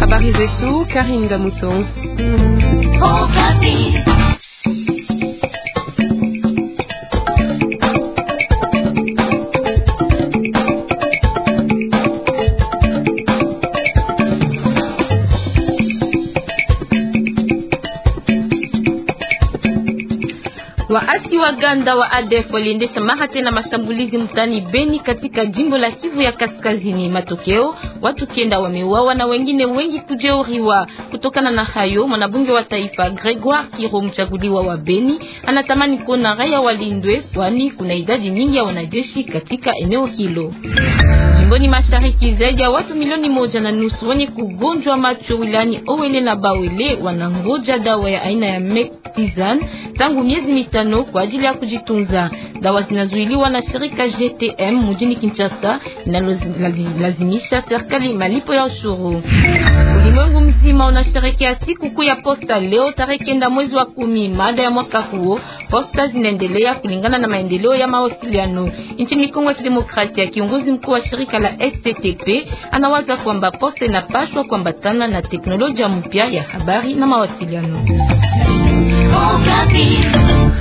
Habari zetu Karinda Muto. Waasi wa Ganda wa ADF waliendesha mara tena mashambulizi mtani Beni katika jimbo la Kivu ya Kaskazini. Matokeo, watu kenda wameuawa na wengine wengi kujeruhiwa. Kutokana na hayo, mwanabunge wa taifa Gregoire Kiro, mchaguliwa wa Beni, anatamani kuona raia walindwe, kwani kuna idadi nyingi ya wanajeshi katika eneo hilo. Jimboni mashariki, zaidi ya watu milioni moja na nusu wenye kugonjwa macho wilani Owele na Bawele wanangoja dawa ya aina ya Partizan tangu miezi mitano kwa ajili ya kujitunza. Dawa zinazuiliwa na shirika GTM mjini Kinshasa inalazimisha serikali malipo ya ushuru. Ulimwengu mzima unasherehekea siku kuu ya posta leo tarehe kenda mwezi wa kumi. Mada ya mwaka huo posta zinaendelea kulingana na maendeleo ya mawasiliano nchini Kongo ya Kidemokrasia. Kiongozi mkuu wa shirika la STTP anawaza kwamba posta inapaswa kuambatana na teknolojia mpya ya habari na mawasiliano.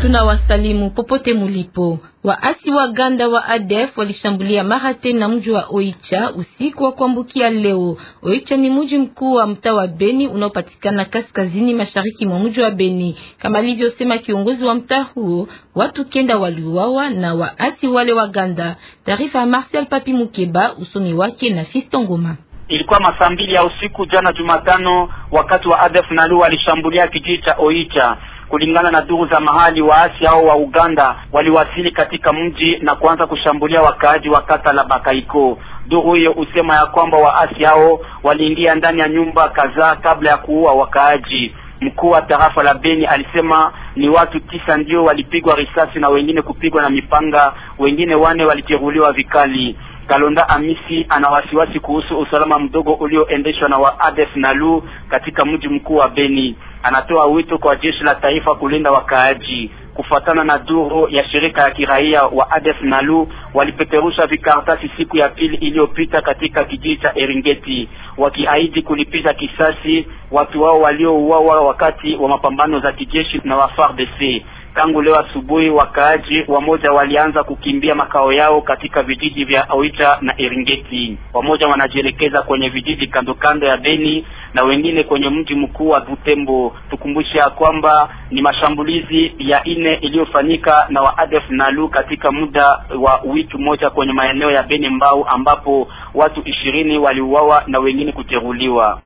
Tuna wasalimu popote mulipo. Waasi wa Ganda wa ADF walishambulia mara tena mji wa Oicha usiku wa kuambukia leo. Oicha ni mji mkuu wa mtaa wa Beni unaopatikana kaskazini mashariki mwa mji wa Beni. Kama alivyosema kiongozi wa mtaa huo, watu kenda waliuawa na waasi wale wa Ganda. Taarifa ya Martial Papi Mukeba, usomi wake na Fiston Ngoma. Ilikuwa masaa mbili ya usiku jana Jumatano, wakati wa ADF Nalu walishambulia kijiji cha Oicha. Kulingana na duru za mahali, waasi hao wa Uganda waliwasili katika mji na kuanza kushambulia wakaaji wa kata la Bakaiko. Duru hiyo husema ya kwamba waasi hao waliingia ndani ya nyumba kadhaa kabla ya kuua wakaaji. Mkuu wa tarafa la Beni alisema ni watu tisa ndio walipigwa risasi na wengine kupigwa na mipanga, wengine wane walijeruhiwa vikali. Kalonda Amisi ana wasiwasi kuhusu usalama mdogo ulioendeshwa na wa ADF Nalu katika mji mkuu wa Beni anatoa wito kwa jeshi la taifa kulinda wakaaji. Kufuatana na duru ya shirika ya kiraia wa ADF Nalu, walipeperusha vikaratasi siku ya pili iliyopita katika kijiji cha Eringeti, wakiahidi kulipiza kisasi watu wao waliouawa wakati wa mapambano za kijeshi na wa FARDC. Tangu leo asubuhi, wakaaji wamoja walianza kukimbia makao yao katika vijiji vya Oicha na Eringeti, wamoja wanajielekeza kwenye vijiji kando kando ya Beni na wengine kwenye mji mkuu wa Butembo. Tukumbushe ya kwamba ni mashambulizi ya ine iliyofanyika na wa ADF Nalu katika muda wa wiki moja kwenye maeneo ya Beni Mbau ambapo watu ishirini waliuawa na wengine kujeruhiwa.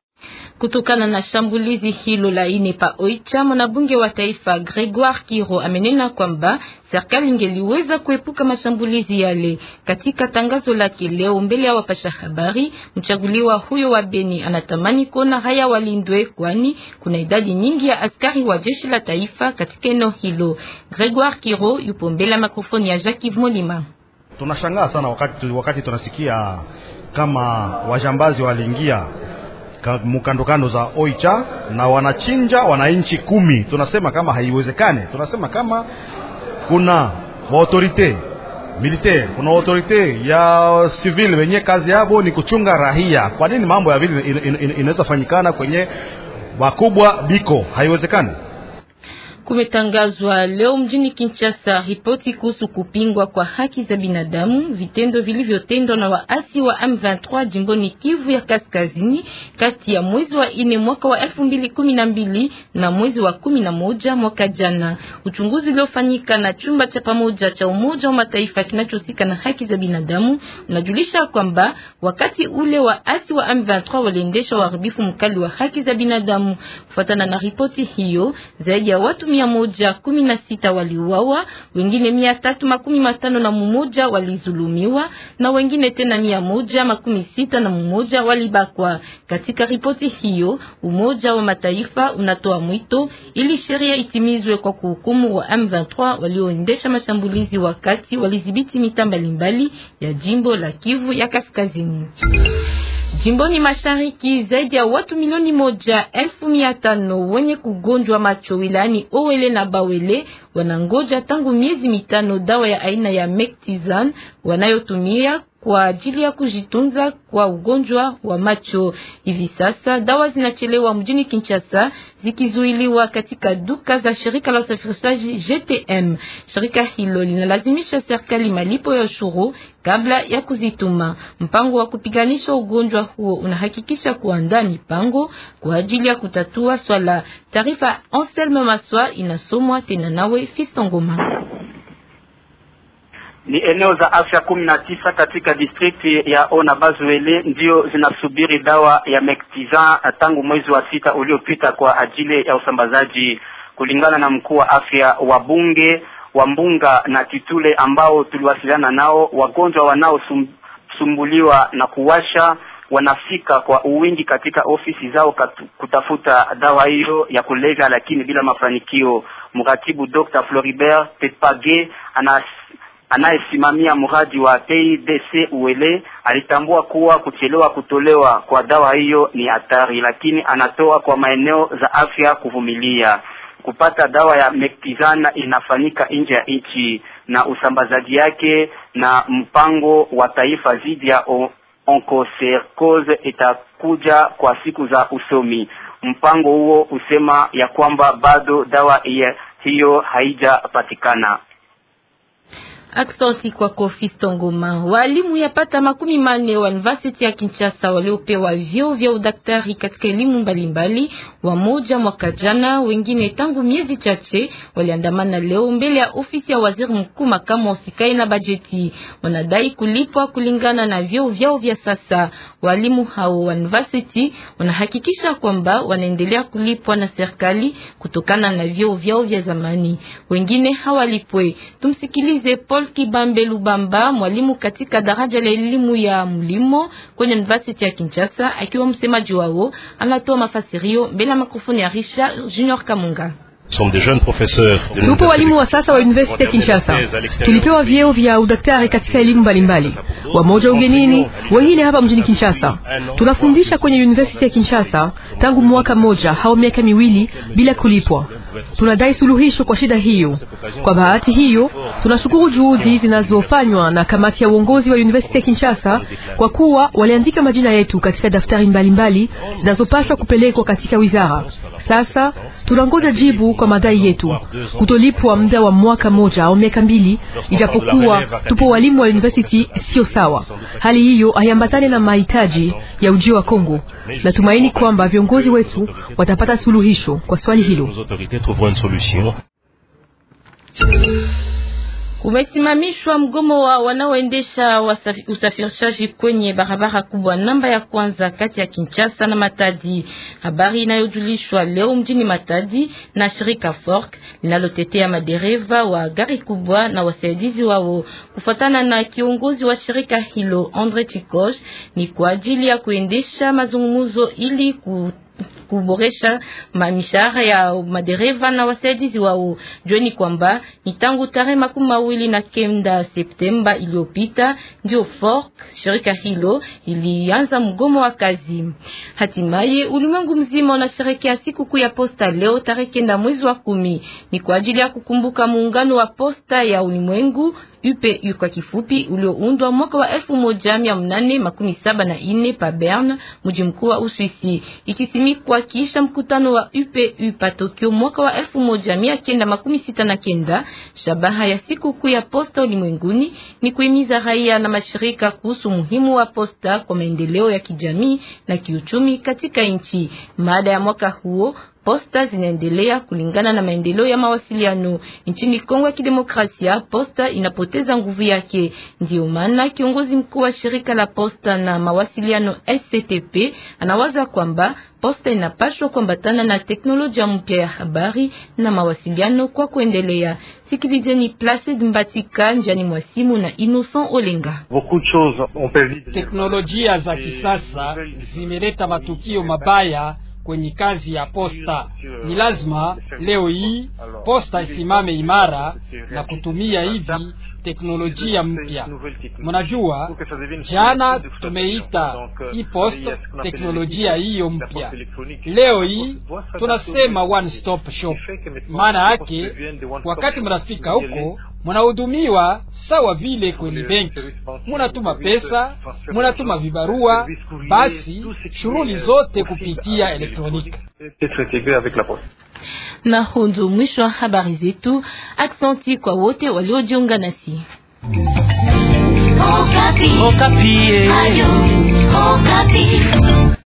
Kutokana na shambulizi hilo la ine pa Oicha, mwanabunge wa taifa Gregoire Kiro amenena kwamba serikali ingeliweza kuepuka mashambulizi yale. Katika tangazo lake leo mbele ya wapasha habari, mchaguliwa huyo wa Beni anatamani kuona haya walindwe, kwani kuna idadi nyingi ya askari wa jeshi la taifa katika eneo hilo. Gregoire Kiro yupo mbele ya mikrofoni ya Jacques Molima. Tunashangaa sana wakati, wakati tunasikia kama wajambazi waliingia mkandokando za Oicha na wanachinja wananchi kumi. Tunasema kama haiwezekane, tunasema kama kuna autorite militaire, kuna autorite ya civil wenye kazi yabo ni kuchunga rahia. Kwa nini mambo ya vile inaweza in, in, in, fanyikana kwenye wakubwa biko haiwezekani? Kumetangazwa leo mjini Kinshasa ripoti kuhusu kupingwa kwa haki za binadamu, vitendo vilivyotendwa na waasi wa M23 jimboni Kivu ya Kaskazini kati ya mwezi wa ine mwaka wa 2012 na mwezi wa 11 mwaka jana. Uchunguzi uliofanyika na chumba cha pamoja cha Umoja wa Mataifa kinachohusika na haki za binadamu unajulisha kwamba wakati ule waasi wa M23 waliendesha uharibifu mkali wa haki za binadamu. Kufuatana na ripoti hiyo, zaidi ya watu mia moja kumi na sita waliuawa, wengine mia tatu makumi matano na mumoja walizulumiwa na wengine tena mia moja makumi sita na mumoja walibakwa. Katika ripoti hiyo, Umoja wa Mataifa unatoa mwito ili sheria itimizwe kwa kuhukumu wa M23 walioendesha mashambulizi wakati walidhibiti mita mbalimbali ya jimbo la Kivu ya Kaskazini. Jimboni mashariki zaidi ya watu milioni moja elfu mia tano wenye kugonjwa macho wilayani Owele na Bawele wanangoja tangu miezi mitano dawa ya aina ya Mectizan wanayotumia kwa ajili ya kujitunza kwa ugonjwa wa macho. Hivi sasa dawa zinachelewa mjini Kinshasa zikizuiliwa katika duka za shirika la usafirishaji GTM. Shirika hilo linalazimisha serikali malipo ya ushuru kabla ya kuzituma. Mpango wa kupiganisha ugonjwa huo unahakikisha kuandaa mipango kwa ajili ya kutatua swala. Taarifa Anselme Maswa inasomwa tena nawe Fistongoma. Ni eneo za afya kumi na tisa katika distrikti ya Onabazuele ndio zinasubiri dawa ya Mectizan tangu mwezi wa sita uliopita kwa ajili ya usambazaji, kulingana na mkuu wa afya wa bunge wa Mbunga na Titule ambao tuliwasiliana nao. Wagonjwa wanaosumbuliwa na kuwasha wanafika kwa uwingi katika ofisi zao katu, kutafuta dawa hiyo ya kulevya, lakini bila mafanikio. Mratibu Dr. Floribert Tepage ana anayesimamia mradi wa PIDC Uele alitambua kuwa kuchelewa kutolewa kwa dawa hiyo ni hatari, lakini anatoa kwa maeneo za afya kuvumilia kupata dawa ya Mekizana inafanyika nje ya nchi na usambazaji yake na mpango wa taifa dhidi ya onkoserkoze itakuja kwa siku za usomi. Mpango huo usema ya kwamba bado dawa hiyo haijapatikana. Aksansi kwa Fiston Ngoma. Walimu yapata makumi manne wa University ya Kinshasa waliopewa vyeo vya udaktari katika elimu mbalimbali, wamoja mwaka jana, wengine tangu miezi chache, waliandamana leo mbele ya ofisi ya waziri mkuu makamu usikae na bajeti. Wanadai kulipwa kulingana na vyeo vyao vya sasa. Walimu hao wa university wanahakikisha kwamba wanaendelea kulipwa na serikali kutokana na vyeo vyao vya zamani, wengine hawalipwe. Tumsikilize Paul Kibambe Lubamba, mwalimu katika daraja la elimu ya mlimo kwenye university ya Kinshasa, akiwa msemaji wao, anatoa mafasirio mbele ya mikrofoni ya Richard Junior Kamunga. Tupo walimu wa sasa wa University ya Kinshasa, tulipewa vyeo vya udaktari katika elimu mbalimbali, wamoja ugenini, wengine hapa mjini Kinshasa. Tunafundisha kwenye University ya Kinshasa tangu mwaka mmoja au miaka miwili bila kulipwa. Tunadai suluhisho kwa shida hiyo. Kwa bahati hiyo, tunashukuru juhudi zinazofanywa na kamati ya uongozi wa University ya Kinshasa kwa kuwa waliandika majina yetu katika daftari mbalimbali zinazopaswa kupelekwa katika wizara. Sasa tunangoja jibu kwa madai yetu, kutolipwa muda wa mwaka mmoja au miaka mbili, ijapokuwa tupo walimu wa university, sio sawa. Hali hiyo haiambatani na mahitaji ya ujio wa Kongo. Natumaini kwamba viongozi wetu watapata suluhisho kwa swali hilo. Kumesimamishwa mgomo wa wanaoendesha usafirishaji kwenye barabara kubwa namba ya kwanza kati ya Kinshasa na Matadi. Habari inayojulishwa leo mjini Matadi na shirika Fork linalotetea madereva wa gari kubwa na wasaidizi wao. Kufuatana na kiongozi wa shirika hilo Andre Chikosh, ni kwa ajili ya kuendesha mazungumzo ili ku kuboresha mamishara ya madereva na wasaidizi wao. Jueni kwamba ni tangu tarehe makumi mawili na kenda Septemba iliyopita ndio fork shirika hilo ilianza mgomo wa kazi. Hatimaye ulimwengu mzima siku sikukuu ya posta leo tarehe kenda mwezi wa kumi. Ni kwa ajili ya kukumbuka muungano wa posta ya ulimwengu UPU kwa kifupi, ulioundwa mwaka wa elfu moja mia mnane makumi saba na ine pa bern mji mkuu wa Uswisi, ikisimikwa kisha mkutano wa UPU pa Tokyo mwaka wa elfu moja mia kenda makumi sita na kenda. Shabaha ya siku kuu ya posta ulimwenguni ni kuhimiza raia na mashirika kuhusu muhimu wa posta kwa maendeleo ya kijamii na kiuchumi katika nchi. Maada ya mwaka huo posta zinaendelea kulingana na maendeleo ya mawasiliano. Nchini Kongo ya Kidemokrasia, posta inapoteza nguvu yake. Ndio maana kiongozi mkuu wa shirika la posta na mawasiliano SCTP anawaza kwamba posta inapaswa kuambatana na teknolojia mpya ya habari na mawasiliano kwa kuendelea. Sikilizeni Placid Mbatika njani mwa simu na Innocent Olenga. Teknolojia za kisasa zimeleta matukio mabaya kwenye kazi ya posta. Ni lazima leo hii posta isimame imara na kutumia hivi teknolojia mpya. Mnajua, jana tumeita hii post teknolojia hiyo mpya, leo hii tunasema one stop shop. Maana yake wakati mnafika huko munahudumiwa sawa vile kwenye benki, munatuma pesa, munatuma vibarua, basi shughuli zote kupitia elektronika. Na hundu mwisho wa habari zetu. Aksanti kwa wote waliojiunga nasi Okapi. Okapi.